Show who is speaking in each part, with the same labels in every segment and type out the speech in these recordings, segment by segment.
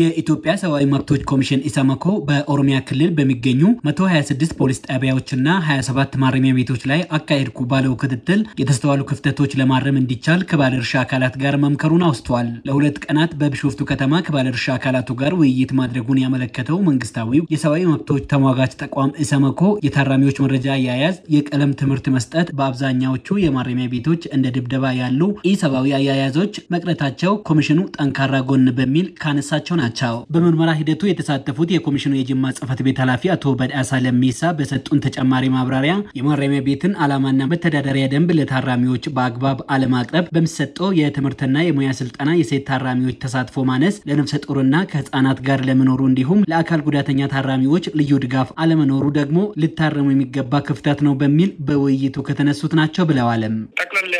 Speaker 1: የኢትዮጵያ ሰብአዊ መብቶች ኮሚሽን ኢሰመኮ በኦሮሚያ ክልል በሚገኙ 126 ፖሊስ ጣቢያዎችና 27 ማረሚያ ቤቶች ላይ አካሄድኩ ባለው ክትትል የተስተዋሉ ክፍተቶች ለማረም እንዲቻል ከባለድርሻ አካላት ጋር መምከሩን አውስተዋል። ለሁለት ቀናት በቢሾፍቱ ከተማ ከባለድርሻ አካላቱ ጋር ውይይት ማድረጉን ያመለከተው መንግስታዊው የሰብአዊ መብቶች ተሟጋች ተቋም ኢሰመኮ የታራሚዎች መረጃ አያያዝ፣ የቀለም ትምህርት መስጠት፣ በአብዛኛዎቹ የማረሚያ ቤቶች እንደ ድብደባ ያሉ ኢሰብአዊ አያያዞች መቅረታቸው ኮሚሽኑ ጠንካራ ጎን በሚል ካነሳቸው ናቸው። በምርመራ ሂደቱ የተሳተፉት የኮሚሽኑ የጅማ ጽህፈት ቤት ኃላፊ አቶ በድአሳ ለሚሳ በሰጡን ተጨማሪ ማብራሪያ የማረሚያ ቤትን ዓላማና መተዳደሪያ ደንብ ለታራሚዎች በአግባብ አለማቅረብ፣ በሚሰጠው የትምህርትና የሙያ ስልጠና የሴት ታራሚዎች ተሳትፎ ማነስ፣ ለነፍሰ ጡርና ከህፃናት ጋር ለመኖሩ እንዲሁም ለአካል ጉዳተኛ ታራሚዎች ልዩ ድጋፍ አለመኖሩ ደግሞ ልታረሙ የሚገባ ክፍተት ነው በሚል በውይይቱ ከተነሱት ናቸው ብለዋልም።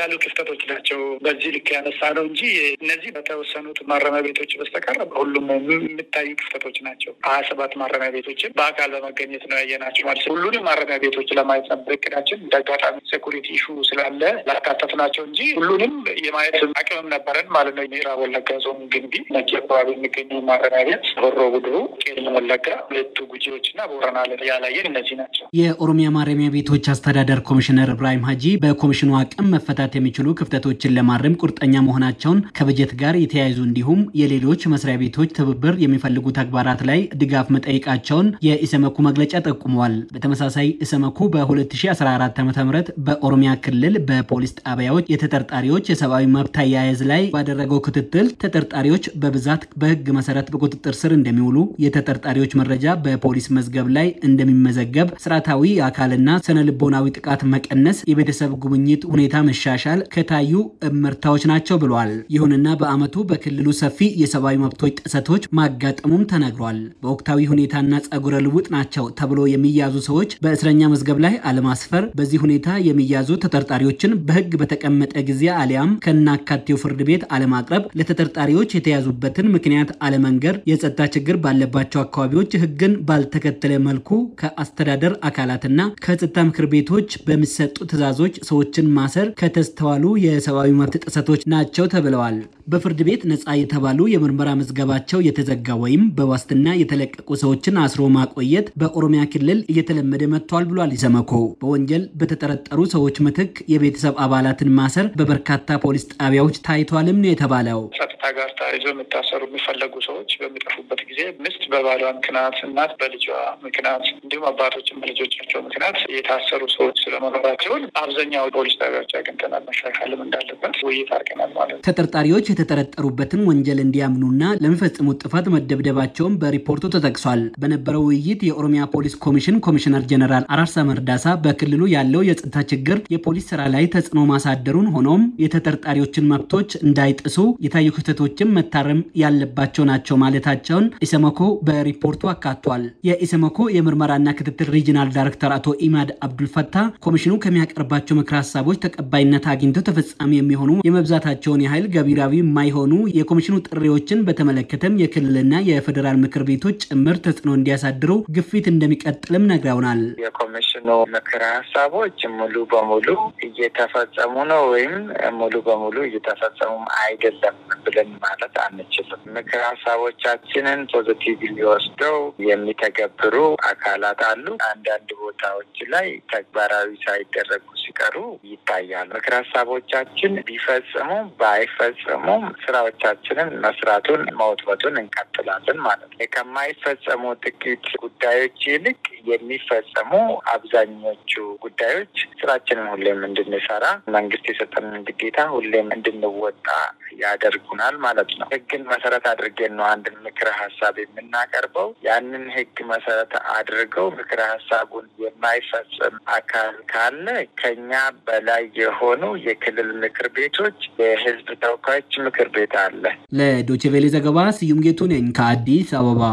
Speaker 1: ያሉ ክፍተቶች
Speaker 2: ናቸው። በዚህ ልክ ያነሳ ነው እንጂ እነዚህ በተወሰኑት ማረሚያ ቤቶች በስተቀር በሁሉም የሚታዩ ክፍተቶች ናቸው። ሀያ ሰባት ማረሚያ ቤቶችን በአካል በመገኘት ነው ያየናቸው ማለት ሁሉንም ማረሚያ ቤቶች ለማየት ነበር እቅዳችን። እንደ አጋጣሚ ሴኩሪቲ ኢሹ ስላለ ላካተት ናቸው እንጂ ሁሉንም የማየት አቅምም ነበረን ማለት ነው። ምዕራብ ወለጋ ዞን ግንቢ ነጭ አካባቢ የሚገኙ ማረሚያ ቤት ሆሮ ጉድሩ፣ ቄለም ወለጋ፣ ሁለቱ ጉጂዎች እና ቦረና ያላየን እነዚህ ናቸው።
Speaker 1: የኦሮሚያ ማረሚያ ቤቶች አስተዳደር ኮሚሽነር ኢብራሂም ሀጂ በኮሚሽኑ አቅም መፈታት የሚችሉ ክፍተቶችን ለማረም ቁርጠኛ መሆናቸውን ከበጀት ጋር የተያያዙ እንዲሁም የሌሎች መስሪያ ቤቶች ትብብር የሚፈልጉ ተግባራት ላይ ድጋፍ መጠየቃቸውን የኢሰመኩ መግለጫ ጠቁመዋል። በተመሳሳይ ኢሰመኩ በ2014 ዓ ም በኦሮሚያ ክልል በፖሊስ ጣቢያዎች የተጠርጣሪዎች የሰብአዊ መብት አያያዝ ላይ ባደረገው ክትትል ተጠርጣሪዎች በብዛት በህግ መሰረት በቁጥጥር ስር እንደሚውሉ፣ የተጠርጣሪዎች መረጃ በፖሊስ መዝገብ ላይ እንደሚመዘገብ ስራ ቃታዊ አካልና ስነ ልቦናዊ ጥቃት መቀነስ፣ የቤተሰብ ጉብኝት ሁኔታ መሻሻል ከታዩ እምርታዎች ናቸው ብሏል። ይሁንና በዓመቱ በክልሉ ሰፊ የሰብአዊ መብቶች ጥሰቶች ማጋጠሙም ተነግሯል። በወቅታዊ ሁኔታና ጸጉረ ልውጥ ናቸው ተብሎ የሚያዙ ሰዎች በእስረኛ መዝገብ ላይ አለማስፈር፣ በዚህ ሁኔታ የሚያዙ ተጠርጣሪዎችን በህግ በተቀመጠ ጊዜ አሊያም ከናካቴው ፍርድ ቤት አለማቅረብ፣ ለተጠርጣሪዎች የተያዙበትን ምክንያት አለመንገር፣ የጸጥታ ችግር ባለባቸው አካባቢዎች ህግን ባልተከተለ መልኩ ከአስተዳደር አካላትና ከጸጥታ ምክር ቤቶች በሚሰጡ ትዕዛዞች ሰዎችን ማሰር ከተስተዋሉ የሰብአዊ መብት ጥሰቶች ናቸው ተብለዋል። በፍርድ ቤት ነጻ የተባሉ የምርመራ መዝገባቸው የተዘጋ ወይም በዋስትና የተለቀቁ ሰዎችን አስሮ ማቆየት በኦሮሚያ ክልል እየተለመደ መጥቷል ብሏል ኢሰመኮ። በወንጀል በተጠረጠሩ ሰዎች ምትክ የቤተሰብ አባላትን ማሰር በበርካታ ፖሊስ ጣቢያዎች ታይቷልም ነው የተባለው።
Speaker 2: ከእርዳታ ጋር ተያይዞ የሚታሰሩ የሚፈለጉ ሰዎች በሚጠፉበት ጊዜ ሚስት በባሏ ምክንያት፣ እናት በልጇ ምክንያት፣ እንዲሁም አባቶችን በልጆቻቸው ምክንያት የታሰሩ ሰዎች ስለመኖራቸውን አብዛኛው ፖሊስ ጣቢያዎች አግኝተናል። መሻሻልም እንዳለበት ውይይት አድርገናል ማለት ነው።
Speaker 1: ተጠርጣሪዎች የተጠረጠሩበትን ወንጀል እንዲያምኑና ለሚፈጽሙት ጥፋት መደብደባቸውን በሪፖርቱ ተጠቅሷል። በነበረው ውይይት የኦሮሚያ ፖሊስ ኮሚሽን ኮሚሽነር ጀነራል አራርሳ መርዳሳ በክልሉ ያለው የጸጥታ ችግር የፖሊስ ስራ ላይ ተጽዕኖ ማሳደሩን ሆኖም የተጠርጣሪዎችን መብቶች እንዳይጥሱ የታዩ ስህተቶችም መታረም ያለባቸው ናቸው ማለታቸውን ኢሰመኮ በሪፖርቱ አካቷል። የኢሰመኮ የምርመራና ክትትል ሪጂናል ዳይሬክተር አቶ ኢማድ አብዱልፈታ ኮሚሽኑ ከሚያቀርባቸው ምክር ሀሳቦች ተቀባይነት አግኝተው ተፈጻሚ የሚሆኑ የመብዛታቸውን ያህል ገቢራዊ የማይሆኑ የኮሚሽኑ ጥሪዎችን በተመለከተም የክልልና የፌዴራል ምክር ቤቶች ጭምር ተጽዕኖ እንዲያሳድሩ ግፊት እንደሚቀጥልም ነግረውናል። የኮሚሽኑ
Speaker 3: ምክር ሀሳቦች ሙሉ በሙሉ እየተፈጸሙ ነው ወይም ሙሉ በሙሉ እየተፈጸሙም አይደለም ብለ የለም ማለት አንችልም። ምክር ሀሳቦቻችንን ፖዘቲቭ ሊወስደው የሚተገብሩ አካላት አሉ። አንዳንድ ቦታዎች ላይ ተግባራዊ ሳይደረጉ ሲቀሩ ይታያል። ምክር ሀሳቦቻችን ቢፈጽሙ ባይፈጽሙ ስራዎቻችንን መስራቱን መወትወቱን እንቀጥላለን ማለት ነው። ከማይፈጸሙ ጥቂት ጉዳዮች ይልቅ የሚፈጸሙ አብዛኞቹ ጉዳዮች ስራችንን ሁሌም እንድንሰራ መንግስት የሰጠንን ግዴታ ሁሌም እንድንወጣ ያደርጉናል ማለት ነው። ህግን መሰረት አድርገን ነው አንድን ምክረ ሀሳብ የምናቀርበው። ያንን ህግ መሰረት አድርገው ምክረ ሀሳቡን የማይፈጽም አካል ካለ ከኛ ከኛ በላይ የሆኑ
Speaker 1: የክልል ምክር ቤቶች የህዝብ ተወካዮች ምክር ቤት አለ። ለዶቼ ቬሌ ዘገባ ስዩም ጌቱ ነኝ ከአዲስ አበባ።